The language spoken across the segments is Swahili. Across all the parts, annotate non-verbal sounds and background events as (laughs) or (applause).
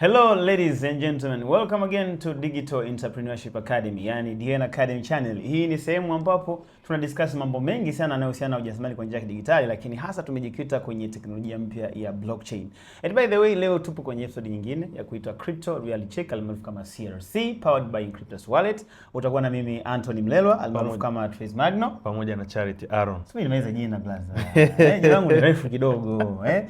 Hello ladies and gentlemen, welcome again to Digital Entrepreneurship Academy, yani DN Academy channel. Hii ni sehemu ambapo tuna discuss mambo mengi sana yanayohusiana na ujasiriamali kwa njia ya kidijitali, lakini hasa tumejikita kwenye teknolojia mpya ya blockchain. And by the way, leo tupo kwenye episode nyingine ya kuitwa Crypto Reality Check almaarufu kama CRC powered by Cryptos Wallet. Utakuwa na mimi Anthony Mlelwa almaarufu kama Trace Magno pamoja na Charity Aaron. Sio nimeweza jina blaza. (laughs) Eh, jina langu ni refu kidogo eh.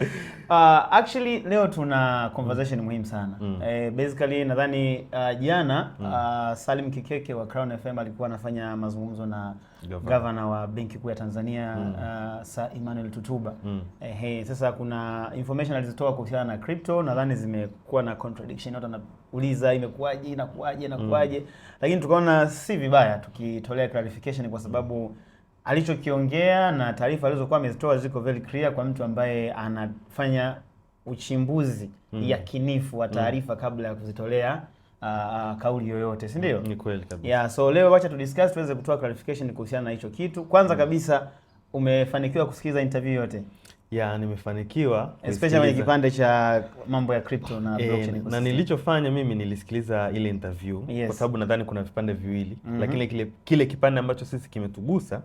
Uh, (laughs) actually leo tuna conversation muhimu sana sana mm. E, basically nadhani uh, jana mm. uh, Salim Kikeke wa Crown FM alikuwa anafanya mazungumzo na gavana wa Benki Kuu ya Tanzania mm. uh, Sir Emmanuel Tutuba mm. E, hey, sasa kuna information alizotoa kuhusiana na crypto nadhani zimekuwa na contradiction, watu wanauliza imekuwaje, inakuwaje, inakuwaje mm. lakini tukaona si vibaya tukitolea clarification kwa sababu alichokiongea na taarifa alizokuwa amezitoa ziko very clear kwa mtu ambaye anafanya uchimbuzi mm. yakinifu wa mm. taarifa mm. kabla ya kuzitolea uh, uh, kauli yoyote si ndio? Ni kweli kabisa. Yeah, so leo wacha tudiscuss tuweze kutoa clarification kuhusiana na hicho kitu. Kwanza mm. kabisa umefanikiwa kusikiliza interview yote? Yeah, nimefanikiwa especially kwenye kipande cha mambo ya crypto na eh, blockchain eh, na nilichofanya mimi nilisikiliza ile interview yes. kwa sababu nadhani kuna vipande viwili mm -hmm. lakini kile, kile kipande ambacho sisi kimetugusa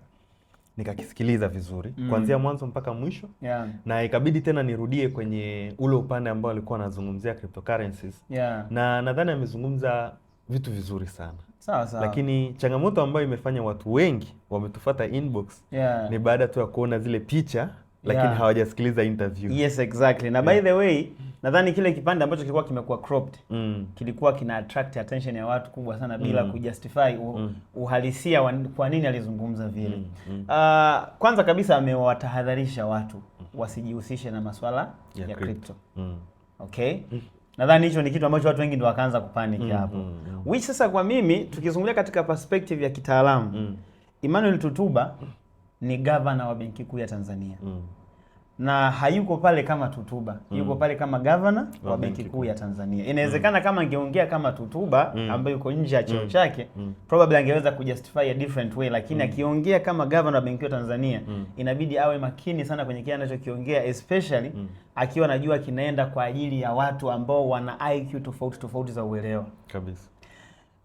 nikakisikiliza vizuri mm. kuanzia mwanzo mpaka mwisho yeah. na ikabidi tena nirudie kwenye ule upande ambao alikuwa anazungumzia cryptocurrencies yeah. na nadhani amezungumza vitu vizuri sana sawa sawa, lakini changamoto ambayo imefanya watu wengi wametufata inbox yeah. ni baada tu ya kuona zile picha lakini yeah. hawajasikiliza interview. Yes, exactly. Na yeah. by the way nadhani kile kipande ambacho kilikuwa kimekuwa cropped mm. kilikuwa kina attract attention ya watu kubwa sana bila mm. kujustify mm. uhalisia wa kwa nini alizungumza vile mm. mm. Uh, kwanza kabisa amewatahadharisha watu wasijihusishe na masuala ya, ya crypto mm. okay mm. Nadhani hicho ni kitu ambacho watu wengi ndio wakaanza kupanic mm. hapo mm, mm, mm. Which sasa kwa mimi tukizungumzia katika perspective ya kitaalamu mm. Emmanuel Tutuba ni gavana wa Benki Kuu ya Tanzania mm na hayuko pale kama Tutuba mm. Yuko pale kama gavana wa, wa Benki Kuu ya Tanzania. Mm. Inawezekana mm. kama angeongea kama Tutuba mm. ambaye yuko nje ya cheo mm. chake mm. probably angeweza kujustify a different way, lakini mm. akiongea kama gavana wa Benki Kuu ya Tanzania mm. inabidi awe makini sana kwenye kile anachokiongea especially mm. akiwa anajua kinaenda kwa ajili ya watu ambao wana IQ tofauti tofauti za uelewa kabisa.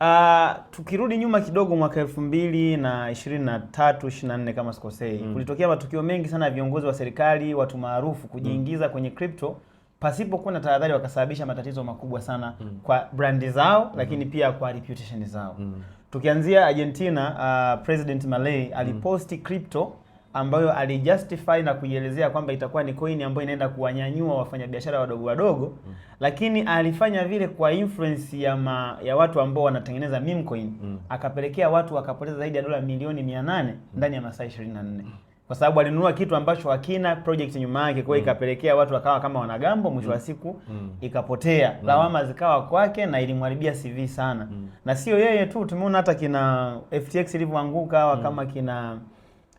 Uh, tukirudi nyuma kidogo mwaka elfu mbili na ishirini na tatu ishirini na nne kama sikosei, mm. kulitokea matukio mengi sana ya viongozi wa serikali, watu maarufu mm. kujiingiza mm. kwenye crypto pasipokuwa na tahadhari, wakasababisha matatizo makubwa sana mm. kwa brandi zao mm. lakini pia kwa reputation zao mm. tukianzia Argentina, uh, President Malay aliposti mm. crypto ambayo alijustify na kujielezea kwamba itakuwa ni coin ambayo inaenda kuwanyanyua wafanyabiashara wadogo wadogo mm. Lakini alifanya vile kwa influence ya ma, ya watu ambao wanatengeneza meme coin mm. Akapelekea watu wakapoteza zaidi ya dola milioni 800 mm. ndani ya masaa 24 mm. Kwa sababu alinunua kitu ambacho hakina project nyuma yake, kwa hiyo mm. ikapelekea watu wakawa kama wanagambo, mwisho wa mm. siku mm. ikapotea mm. lawama zikawa kwake na ilimharibia CV sana mm. na sio yeye tu, tumeona hata kina FTX ilivyoanguka mm. kama kina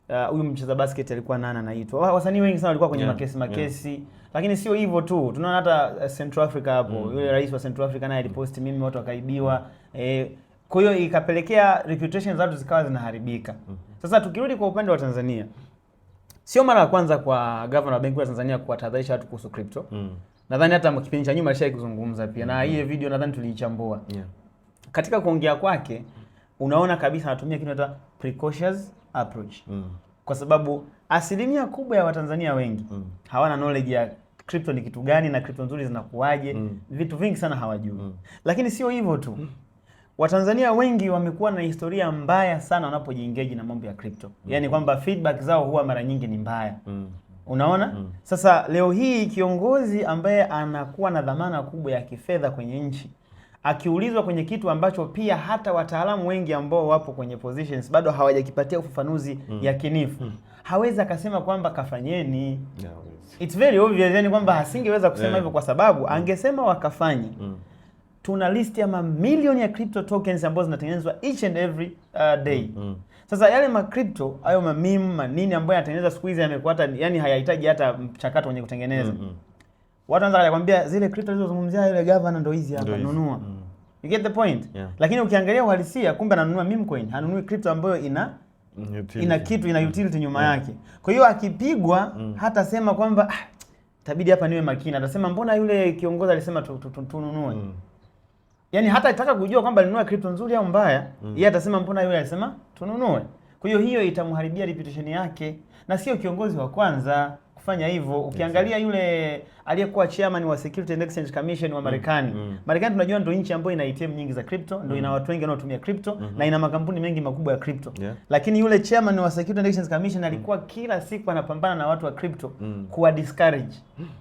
Uh, huyu uh, mcheza basket alikuwa nani anaitwa, wasanii wengi sana walikuwa kwenye yeah, makesi makesi yeah. Lakini sio hivyo tu, tunaona hata uh, Central Africa hapo mm. Yule rais wa Central Africa naye aliposti mimi, watu wakaibiwa mm. eh, kwa hiyo ikapelekea reputation za watu zikawa zinaharibika mm. Sasa tukirudi kwa upande wa Tanzania, sio mara ya kwanza kwa governor wa Benki ya Tanzania kuwatahadharisha watu kuhusu crypto mm. Nadhani hata kipindi cha nyuma alishai kuzungumza pia mm. na hiyo video nadhani tuliichambua yeah. Katika kuongea kwake unaona kabisa anatumia kitu precautious approach mm. kwa sababu asilimia kubwa ya Watanzania wengi mm. hawana knowledge ya crypto ni kitu gani na crypto nzuri zinakuaje. mm. vitu vingi sana hawajui mm. lakini sio hivyo tu mm. Watanzania wengi wamekuwa na historia mbaya sana wanapojiengage na mambo ya crypto mm. yaani kwamba feedback zao huwa mara nyingi ni mbaya mm. Unaona? Mm. Sasa leo hii kiongozi ambaye anakuwa na dhamana kubwa ya kifedha kwenye nchi akiulizwa kwenye kitu ambacho pia hata wataalamu wengi ambao wapo kwenye positions bado hawajakipatia ufafanuzi mm. yakinifu mm. hawezi akasema kwamba kafanyeni. Yeah, it's very obvious yani kwamba asingeweza kusema hivyo yeah. kwa sababu mm. angesema wakafanye mm. tuna list ya mamilioni ya crypto tokens ambazo zinatengenezwa each and every uh, day mm. mm. Sasa yale makripto hayo mamim manini ambayo yanatengeneza siku hizi yamekuwa hata yani hayahitaji hata mchakato wenye kutengeneza mm -hmm watu wanaanza kukwambia zile crypto zilizozungumzia ile governor ndo hizi hapa nunua. Mm. You get the point? Yeah. Lakini ukiangalia uhalisia kumbe ananunua meme coin, hanunui crypto ambayo ina utility. ina kitu ina mm. utility nyuma yeah. yake. Kwa hiyo akipigwa mm. hata sema kwamba ah, tabidi hapa niwe makini. Atasema mbona yule kiongozi alisema tununue. Tu, tu, tu, Mm. Yaani hata itaka kujua kwamba alinunua crypto nzuri au mbaya, mm. yeye atasema mbona yule alisema tununue. Kwa hiyo hiyo itamharibia reputation yake na sio kiongozi wa kwanza kufanya hivyo. Ukiangalia yule aliyekuwa chairman wa Security and Exchange Commission wa mm, Marekani. mm. mm. Marekani tunajua ndio nchi ambayo ina ATM nyingi za crypto, ndio ina mm. watu wengi wanaotumia crypto mm -hmm. na ina makampuni mengi makubwa ya crypto yeah. Lakini yule chairman wa Security and Exchange Commission alikuwa mm. kila siku anapambana na watu wa crypto mm. kuwa discourage,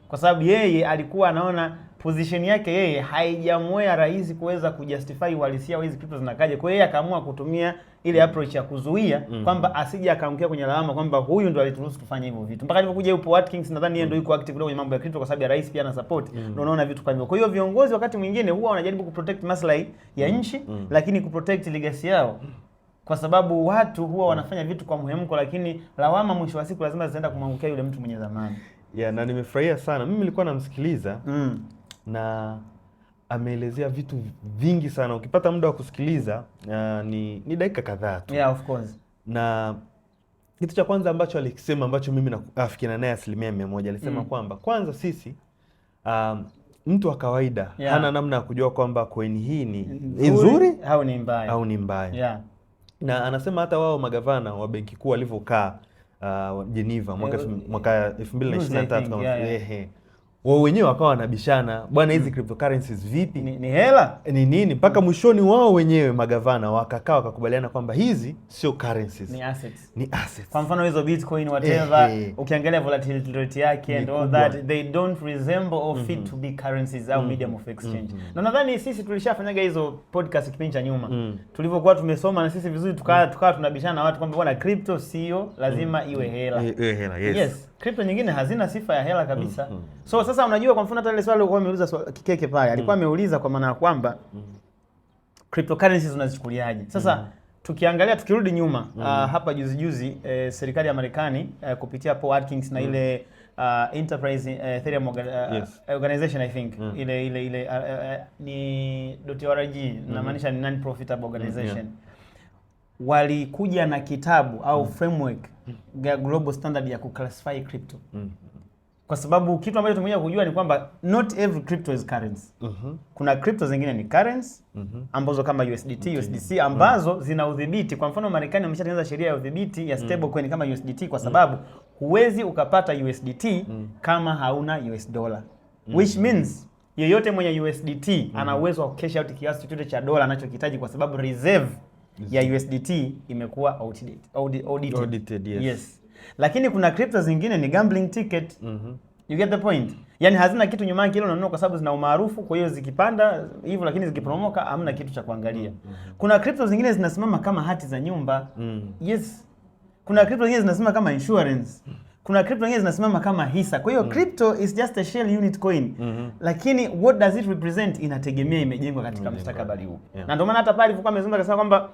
kwa sababu yeye alikuwa anaona position yake yeye haijamwea rahisi kuweza kujustify uhalisia wa hizi crypto zinakaje. Kwa hiyo akaamua kutumia ile mm. approach ya kuzuia mm -hmm. kwamba asije akaangukia kwenye lawama kwamba huyu ndo alituruhusu tufanye hivyo vitu, mpaka alipokuja yupo Watkins, nadhani yeye ndo yuko active kwenye mambo ya crypto kwa sababu sababu ya rais pia ana support mm. ndio unaona vitu kwa hivyo. Kwa hiyo viongozi wakati mwingine huwa wanajaribu protect maslahi ya mm. nchi mm. lakini protect legacy yao mm. kwa sababu watu huwa mm. wanafanya vitu kwa muhemko, lakini lawama mwisho wa siku lazima zitaenda kumwangukia yule mtu mwenye dhamana. Yeah, na nimefurahia sana mimi, nilikuwa namsikiliza mm. na ameelezea vitu vingi sana. Ukipata muda wa kusikiliza uh, ni, ni dakika kadhaa tu yeah, of course na kitu cha kwanza ambacho alikisema ambacho mimi nafikiana naye asilimia mia moja alisema mm. kwamba kwanza sisi um, mtu wa kawaida yeah. hana namna ya kujua kwamba koini hii ni nzuri au ni mbaya, au ni mbaya. Yeah. Na anasema hata wao magavana wa benki kuu walivyokaa uh, Geneva mwaka 2023 eh, yeah, wao wenyewe wakawa wanabishana, bwana, hizi mm. cryptocurrencies vipi, ni, ni hela eh, ni nini? Mpaka mwishoni wao wenyewe magavana wakakaa wakakubaliana kwamba hizi sio currencies, ni assets, ni assets. Kwa mfano hizo bitcoin whatever eh, eh. ukiangalia volatility rate yake and all that they don't resemble or fit mm -hmm. to be currencies au mm -hmm. medium of exchange mm -hmm. na nadhani sisi tulishafanyaga hizo podcast kipindi cha nyuma mm. tulivyokuwa tumesoma na sisi vizuri tukawa mm. tukawa tunabishana na watu kwamba bwana, crypto sio lazima mm. iwe mm. hela iwe hela yes, yes kripto nyingine hazina sifa ya hela kabisa. Mm, -hmm. So sasa unajua kwa mfano hata ile swali ulikuwa umeuliza Kikeke pale alikuwa mm. ameuliza mm. kwa maana ya kwamba mm. cryptocurrencies unazichukuliaje? Sasa mm. -hmm. tukiangalia tukirudi nyuma mm. -hmm. uh, hapa juzi juzi eh, serikali ya Marekani eh, kupitia Paul Atkins na mm. ile uh, Enterprise uh, Ethereum uh, yes. organization I think mm. -hmm. ile ile ile uh, uh, ni .org mm -hmm. namaanisha ni non profitable mm, organization mm, -hmm. yeah walikuja na kitabu au mm. framework mm. ya global standard ya kuclassify crypto mm. kwa sababu kitu ambacho tumekuja kujua ni kwamba not every crypto is currency. Mm -hmm. Kuna crypto zingine ni currency mm -hmm. ambazo kama USDT, okay. USDC ambazo mm. zina udhibiti. Kwa mfano Marekani wameshatengeneza sheria ya udhibiti ya stablecoin mm. kama USDT kwa sababu huwezi ukapata USDT mm. kama hauna US dollar mm. which means yeyote mwenye USDT mm -hmm. ana uwezo wa cash out kiasi chochote cha dola anachokihitaji kwa sababu reserve ya USDT imekuwa outdated. Audited. Audited, yes. Yes. Lakini kuna crypto zingine ni gambling ticket. Mm -hmm. You get the point? Yaani hazina kitu nyuma yake ile unanunua kwa sababu zina umaarufu, kwa hiyo zikipanda hivyo, lakini zikipromoka hamna kitu cha kuangalia. Mm -hmm. Kuna crypto zingine zinasimama kama hati za nyumba. Mm -hmm. Yes. Kuna crypto zingine zinasimama kama insurance. Mm -hmm. Kuna crypto nyingine zinasimama kama hisa. Kwa hiyo mm. crypto is just a shell unit coin. Mm -hmm. Lakini what does it represent inategemea imejengwa katika mm -hmm. mustakabali huu. Yeah. Na ndio maana hata pale alikuwa amezungumza akasema kwamba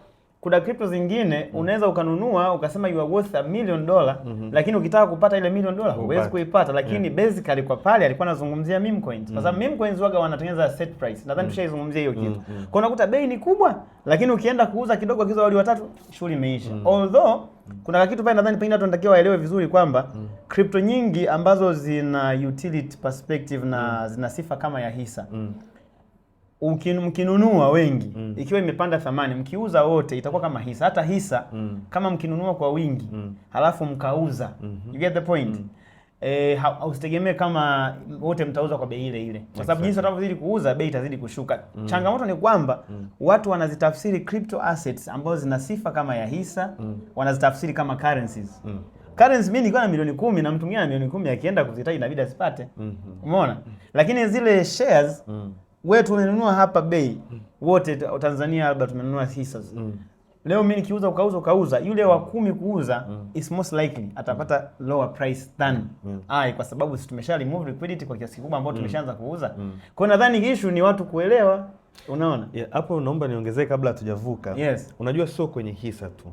kuna crypto zingine mm. unaweza ukanunua ukasema you are worth a million dollar mm -hmm. lakini ukitaka kupata ile million dollar huwezi kuipata, lakini yeah. basically kwa pale alikuwa anazungumzia meme coins kwa sababu mm. meme coins waga wanatengeneza set price, nadhani mm. tushaizungumzia hiyo kitu mm -hmm. kwa unakuta bei ni kubwa, lakini ukienda kuuza kidogo kizo wali watatu shughuli imeisha mm. although mm. kuna kitu pale nadhani pengine watu wanatakiwa waelewe vizuri kwamba mm. crypto nyingi ambazo zina utility perspective na mm. zina sifa kama ya hisa mm ukin, mkinunua wengi mm. ikiwa imepanda thamani, mkiuza wote itakuwa kama hisa. Hata hisa mm. kama mkinunua kwa wingi mm. halafu mkauza mm -hmm. you get the point mm. E, eh, hausitegemee kama wote mtauza kwa bei ile ile, kwa sababu jinsi watakavyozidi kuuza bei itazidi kushuka. mm. Changamoto ni kwamba mm. watu wanazitafsiri crypto assets ambazo zina sifa kama ya hisa mm. wanazitafsiri kama currencies mm. Currency mimi nilikuwa na milioni kumi na mtu mwingine na milioni kumi akienda kuzihitaji inabidi asipate. Mm-hmm. Umeona? mm -hmm. Lakini zile shares mm wewe tumenunua hapa bei mm. wote Tanzania labda tumenunua hisa mm. Leo mimi nikiuza ukauza ukauza, yule wa mm. kumi kuuza mm. is most likely atapata lower price than mm. ai, mm. kwa sababu si tumesha remove liquidity kwa kiasi kikubwa ambao mm. tumeshaanza kuuza mm. kwa nadhani issue ni watu kuelewa, unaona hapo yeah. Naomba niongezee kabla hatujavuka yes. Unajua sio kwenye hisa tu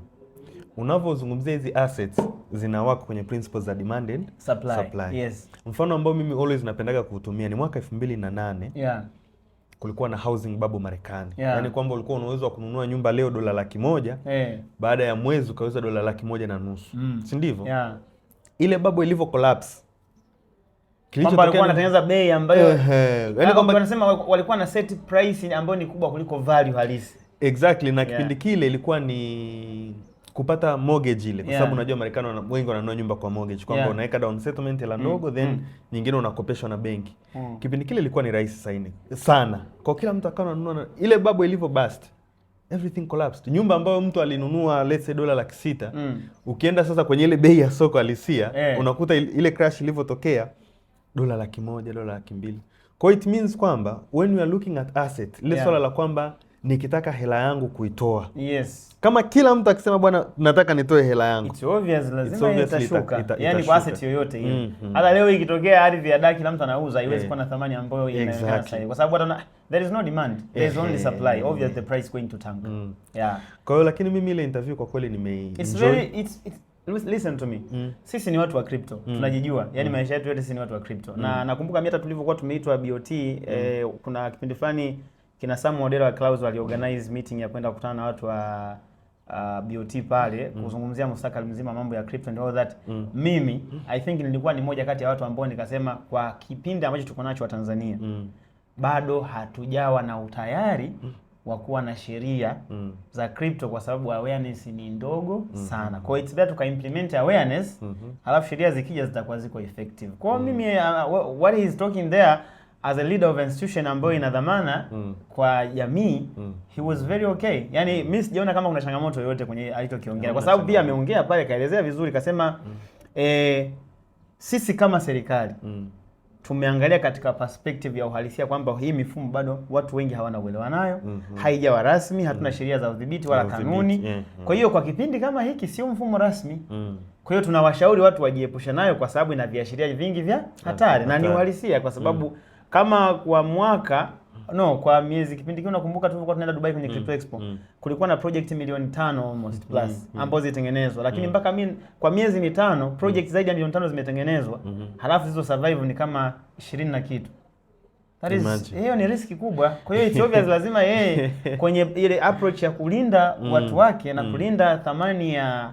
unavyozungumzia hizi assets zinawaka kwenye principles za demand and supply. Supply. Yes. Mfano ambao mimi always napendaga kuutumia ni mwaka 2008 yeah kulikuwa na housing bubble Marekani yeah. Yaani kwamba ulikuwa unaweza kununua nyumba leo dola laki moja hey. Eh. Baada ya mwezi ukaweza dola laki moja na nusu mm. si ndivyo? yeah. Ile bubble ilivyo collapse Kilichotokea walikuwa wanatengeneza bei ambayo yaani ah, kwamba wanasema walikuwa na set price ambayo ni kubwa kuliko value halisi. Exactly na kipindi yeah. kile ilikuwa ni kupata mortgage ile kwa yeah. sababu unajua Marekani wengi wananunua nyumba kwa mortgage kwamba yeah. unaweka down settlement la mm, ndogo mm. then mm. nyingine unakopeshwa na benki mm. Kipindi kile ilikuwa ni rahisi saini sana kwa kila mtu akawa ananunua na... ile babu ilivyo bust everything collapsed. Nyumba ambayo mtu alinunua let's say dola laki sita mm. ukienda sasa kwenye ile bei ya soko halisia yeah. unakuta ile crash ilivyotokea dola laki moja dola laki mbili. Kwa it means kwamba when we are looking at asset ile yeah. swala la kwamba nikitaka hela yangu kuitoa. Yes. Kama kila mtu akisema bwana, nataka nitoe hela yangu. It's obvious, lazima itashuka. Yaani kwa asset yoyote hiyo. Mm -hmm. Hata leo ikitokea ardhi ya daki mtu anauza, haiwezi eh. kuwa na thamani ambayo inaonekana Kwa sababu hata there is no demand, there is only eh. supply. the price going to tank. Mm. Yeah. Kwa hiyo lakini mimi ile interview kwa kweli nime It's very it's, it's Listen to me. Mm. Sisi ni watu wa crypto. Mm. Tunajijua. Yaani mm. maisha yetu yote sisi ni watu wa crypto. Mm. Na nakumbuka mimi hata tulivyokuwa tumeitwa BOT mm. eh, kuna kipindi fulani kina Samu Odera wa Clouds wali organize meeting ya kwenda kukutana na watu wa uh, BOT pale mm. kuzungumzia mustakabali mzima mambo ya crypto and all that mm. mimi mm. I think nilikuwa ni moja kati ya watu ambao nikasema kwa kipindi ambacho tuko nacho wa Tanzania mm. bado hatujawa na utayari mm wa kuwa na sheria mm. za crypto kwa sababu awareness ni ndogo mm sana. Kwa hiyo it's better tuka implement awareness mm -hmm. halafu sheria zikija zitakuwa ziko effective. Kwa mm. mimi uh, uh what he is talking there as a leader of an institution ambayo ina dhamana mm. kwa jamii mm. he was very okay. Yani mimi sijaona kama kuna changamoto yoyote kwenye alichokiongea, kwa sababu pia ameongea pale, kaelezea vizuri, kasema mm. eh, sisi kama serikali mm. tumeangalia katika perspective ya uhalisia kwamba hii mifumo bado watu wengi hawana uelewa nayo mm -hmm. haijawa rasmi, hatuna mm. sheria za udhibiti wala kanuni yeah, mm. kwa hiyo kwa kipindi kama hiki sio mfumo rasmi mm. Kwa hiyo tunawashauri watu wajiepushe nayo kwa sababu ina viashiria vingi vya hatari na ni uhalisia kwa sababu mm kama kwa mwaka no kwa miezi kipindi kile nakumbuka tu tulikuwa tunaenda Dubai kwenye mm, Crypto Expo mm, kulikuwa na project milioni tano almost mm, plus mm, mm, ambazo zilitengenezwa lakini mm, mpaka mi kwa miezi mitano mm. project mm, zaidi ya milioni tano zimetengenezwa mm, -hmm. halafu hizo survive ni kama 20 na kitu that is hiyo ni riski kubwa. Kwa hiyo Ethiopia (laughs) lazima yeye kwenye ile approach ya kulinda mm, watu wake na mm, kulinda thamani ya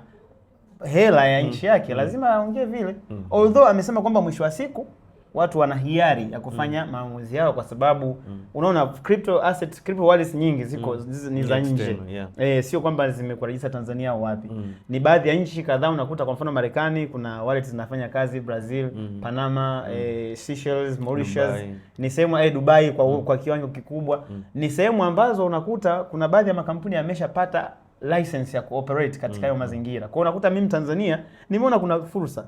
hela ya mm, nchi yake lazima aongee vile, mm. although amesema kwamba mwisho wa siku watu wana hiari ya kufanya mm. maamuzi yao kwa sababu mm. unaona crypto asset, crypto wallets nyingi ziko mm. ni za nje yeah. E, sio kwamba zimekuwa Tanzania au wapi mm. ni baadhi ya nchi kadhaa unakuta, kwa mfano Marekani kuna wallets zinafanya kazi Brazil mm. Panama mm. E, Seychelles, Mauritius Dubai. ni sehemu e, Dubai kwa, mm. kwa kiwango kikubwa mm. ni sehemu ambazo unakuta kuna baadhi ya makampuni yameshapata license ya kuoperate katika hayo mm. mazingira. Kwa unakuta mimi Tanzania nimeona kuna fursa,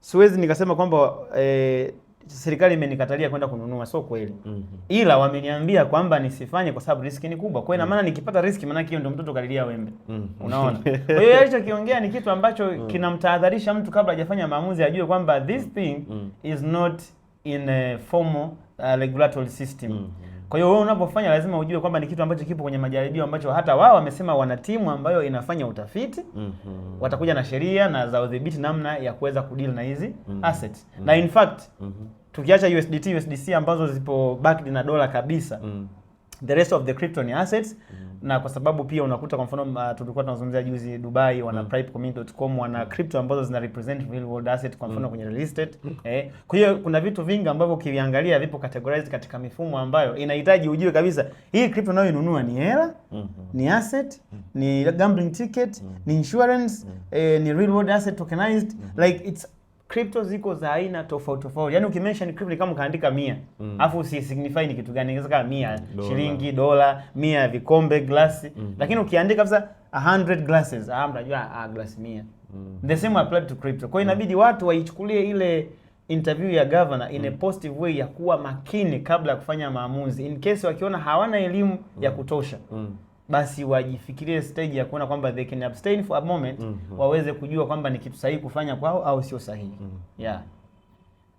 siwezi nikasema kwamba eh, serikali imenikatalia kwenda kununua, sio kweli mm -hmm. Ila wameniambia kwamba nisifanye kwa sababu riski ni kubwa, kwa hiyo ina mhm. maana nikipata riski, maana hiyo ndio mtoto kalilia wembe mm -hmm. Unaona, (laughs) kwa hiyo alichokiongea ni kitu ambacho mm -hmm. kinamtahadharisha mtu kabla hajafanya maamuzi, ajue kwamba this mhm. thing mm -hmm. is not in a formal uh, regulatory system mm -hmm. Kwa hiyo wewe unapofanya lazima ujue kwamba ni kitu ambacho kipo kwenye majaribio ambacho hata wao wamesema wana timu ambayo inafanya utafiti mm -hmm. Watakuja na sheria na za udhibiti namna ya kuweza kudeal na hizi mm -hmm. asset mm -hmm. na in fact mm -hmm. tukiacha USDT USDC ambazo zipo backed na dola kabisa mm -hmm the rest of the crypto ni assets mm Na kwa sababu pia unakuta kwa mfano uh, tulikuwa tunazungumzia juzi Dubai wana mm. privecommunity.com wana mm. crypto ambazo zina represent real world asset kwa mfano mm. kwenye real estate mm. eh, kwa hiyo kuna vitu vingi ambavyo ukiviangalia vipo categorized katika mifumo ambayo inahitaji ujue kabisa hii crypto nayo inunua ni hela mm -hmm. ni asset mm -hmm. ni gambling ticket mm -hmm. ni insurance mm -hmm. eh, ni real world asset tokenized mm -hmm. like it's crypto ziko za aina tofauti tofauti. Yaani ukimention crypto kama ukaandika 100, mm. alafu mm. usisignify ni kitu gani, inaweza kama 100 shilingi, dola, 100 vikombe, glasi. Mm -hmm. Lakini ukiandika kabisa 100 glasses, ah mnajua ah glasi 100. Mm. The same apply to crypto. Kwa hiyo mm. inabidi watu waichukulie ile interview ya governor in a mm. positive way ya kuwa makini kabla ya kufanya maamuzi in case wakiona hawana elimu mm. ya kutosha. Mm basi wajifikirie stage ya kuona kwamba they can abstain for a moment mm -hmm. waweze kujua kwamba ni kitu sahihi kufanya kwao au sio sahihi mm -hmm. yeah.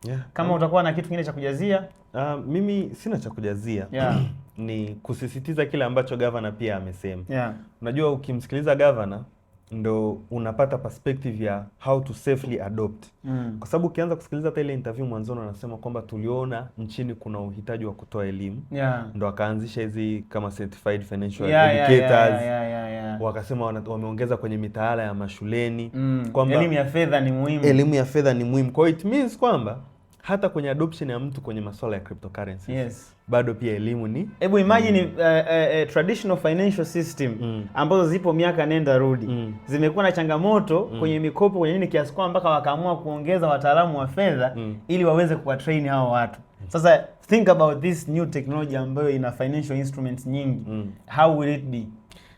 Yeah. Kama mm. utakuwa na kitu kingine cha kujazia? Uh, mimi sina cha kujazia yeah. (clears throat) ni kusisitiza kile ambacho gavana pia amesema yeah. Unajua ukimsikiliza gavana ndo unapata perspective ya how to safely adopt mm. Kwa sababu ukianza kusikiliza hata ile interview mwanzoni anasema kwamba tuliona nchini kuna uhitaji wa kutoa elimu yeah. Ndo akaanzisha hizi kama certified financial yeah, educators yeah, yeah, yeah, yeah, yeah. Wakasema wameongeza kwenye mitaala ya mashuleni mm. Kwamba elimu ya fedha ni muhimu, elimu ya fedha ni muhimu. Kwa it means kwamba hata kwenye adoption ya mtu kwenye masuala ya cryptocurrencies yes bado pia elimu ni hebu imagine mm. uh, uh, traditional financial system mm. ambazo zipo miaka nenda rudi mm. zimekuwa na changamoto mm. kwenye mikopo kwenye nini, kiasi kwamba mpaka wakaamua kuongeza wataalamu wa fedha mm. ili waweze kuwatrain hao watu. Mm. Sasa think about this new technology ambayo ina financial instruments nyingi mm. how will it be?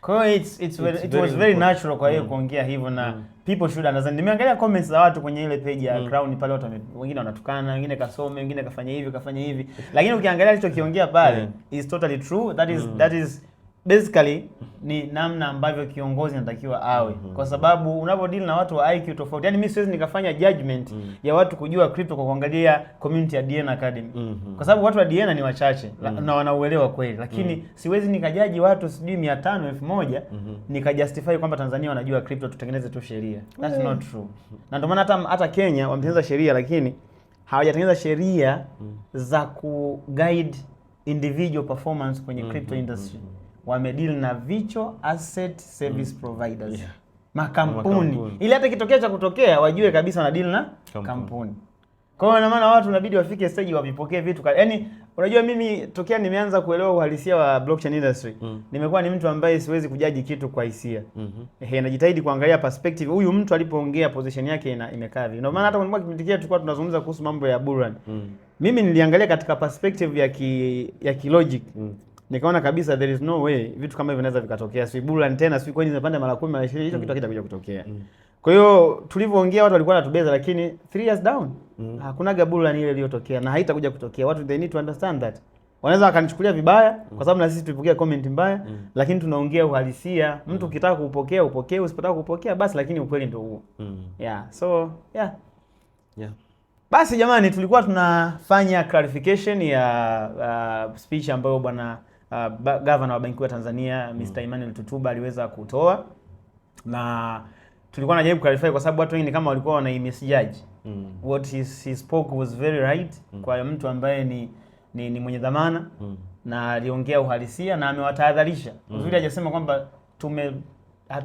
Kwa hiyo it's, it's, it's it was very natural kwa hiyo mm. kuongea hivyo na mm. people should understand. Nimeangalia comments za watu kwenye ile page ya mm. Crown pale, watu wengine wanatukana, wengine kasome, wengine kafanya hivi, kafanya hivi, (laughs) lakini ukiangalia alichokiongea pale mm. is totally true. That is mm. that is basically ni namna ambavyo kiongozi anatakiwa awe mm -hmm. Kwa sababu unavyodili na watu wa IQ tofauti, yani mimi siwezi nikafanya judgment mm -hmm. ya watu kujua crypto kwa kuangalia community ya DNA Academy mm -hmm. kwa sababu watu wa DNA ni wachache mm -hmm. na wanauelewa kweli, lakini mm -hmm. siwezi nikajaji watu sijui 500 1000 mm -hmm. nikajustify kwamba Tanzania wanajua crypto, tutengeneze tu sheria that's mm -hmm. not true, na ndio maana hata hata Kenya wametengeneza sheria lakini hawajatengeneza sheria mm -hmm. za ku guide individual performance kwenye mm -hmm. crypto industry mm -hmm wamedeal na virtual asset service mm. providers yeah. Makampuni, makampuni. Ili hata kitokea cha kutokea wajue kabisa wanadeal na kampuni, kampuni. Kwa hiyo ina maana watu inabidi wafike stage wavipokee vitu Yaani unajua mimi tokea nimeanza kuelewa uhalisia wa blockchain industry, mm. nimekuwa ni mtu ambaye siwezi kujaji kitu kwa hisia. Mm -hmm. Ehe, najitahidi kuangalia perspective huyu mtu alipoongea position yake ina imekaa vipi. Ndio maana hata kwa kipindi kile tulikuwa tunazungumza kuhusu mambo ya bull run. Mm. Mimi niliangalia katika perspective ya ki, ya ki logic. Mm nikaona kabisa there is no way vitu kama hivyo vinaweza vikatokea, si bula tena, si kwani zinapanda mara 10 mara 20, hicho kitu hakitakuja kutokea. Mm. Kwa hiyo tulivyoongea watu walikuwa wanatubeza, lakini 3 years down mm. hakuna gabulan ile iliyotokea na haitakuja kutokea. Watu they need to understand that wanaweza wakanichukulia vibaya kwa mm. sababu na sisi tulipokea comment mbaya mm. lakini tunaongea uhalisia mtu mm. ukitaka mm. kupokea upokee, usipotaka kupokea basi, lakini ukweli ndio huo mm. yeah so yeah yeah basi, jamani, tulikuwa tunafanya clarification ya uh, speech ambayo bwana uh, gavana wa Benki Kuu ya Tanzania mm. Mr. Emmanuel Tutuba aliweza kutoa na tulikuwa najaribu clarify kwa sababu watu wengi kama walikuwa message mm. what he, he spoke was very right mm. kwa mtu ambaye ni ni, ni mwenye dhamana mm. na aliongea uhalisia na amewatahadharisha mm. uzuri hajasema kwamba tume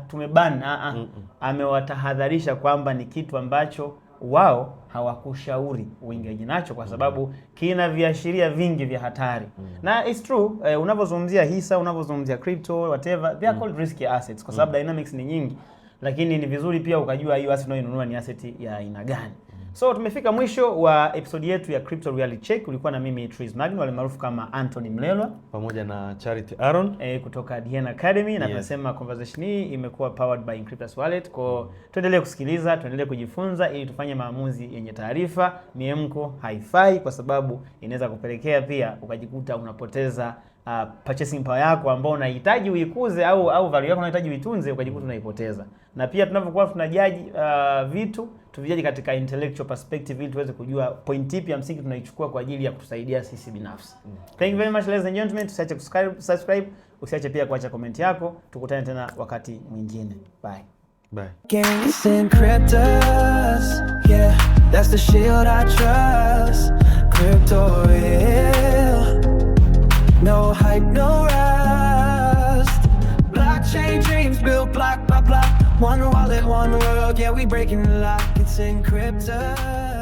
tumeban ah, ah, mm -mm. amewatahadharisha kwamba ni kitu ambacho wao hawakushauri uingiaji nacho kwa mm. sababu kina viashiria vingi vya hatari mm na it's true eh, unavyozungumzia hisa, unavyozungumzia crypto whatever they are mm. called risky assets kwa mm. sababu mm dynamics ni nyingi, lakini ni vizuri pia ukajua hiyo asset unayonunua ni asset ya aina gani. So tumefika mwisho wa episodi yetu ya Crypto Reality Check. Ulikuwa na mimi Tris Magnus, wale maarufu kama Anthony Mlelwa pamoja na Charity Aaron e, kutoka Dien Academy yes. Na tunasema conversation hii imekuwa powered by Encryptus Wallet. Kwa tuendelee kusikiliza, tuendelee kujifunza ili tufanye maamuzi yenye taarifa. Miemko haifai kwa sababu inaweza kupelekea pia ukajikuta unapoteza uh, purchasing power yako ambao unahitaji uikuze au au value yako unahitaji uitunze ukajikuta unaipoteza. Na pia tunapokuwa tunajaji uh, vitu tuvijaji katika intellectual perspective ili tuweze kujua point ipi ya msingi tunaichukua kwa ajili ya kutusaidia sisi binafsi. Mm. Thank you very much ladies and gentlemen, tusiache kusubscribe, subscribe, usiache pia kuacha comment yako. Tukutane tena wakati mwingine. Bye. Bye. Gangs and cryptos, yeah, that's the shield I trust. Crypto, yeah. No hype, no rest. Blockchain dreams built block by block. One wallet, one world. Yeah, we breaking the lock. It's encrypted.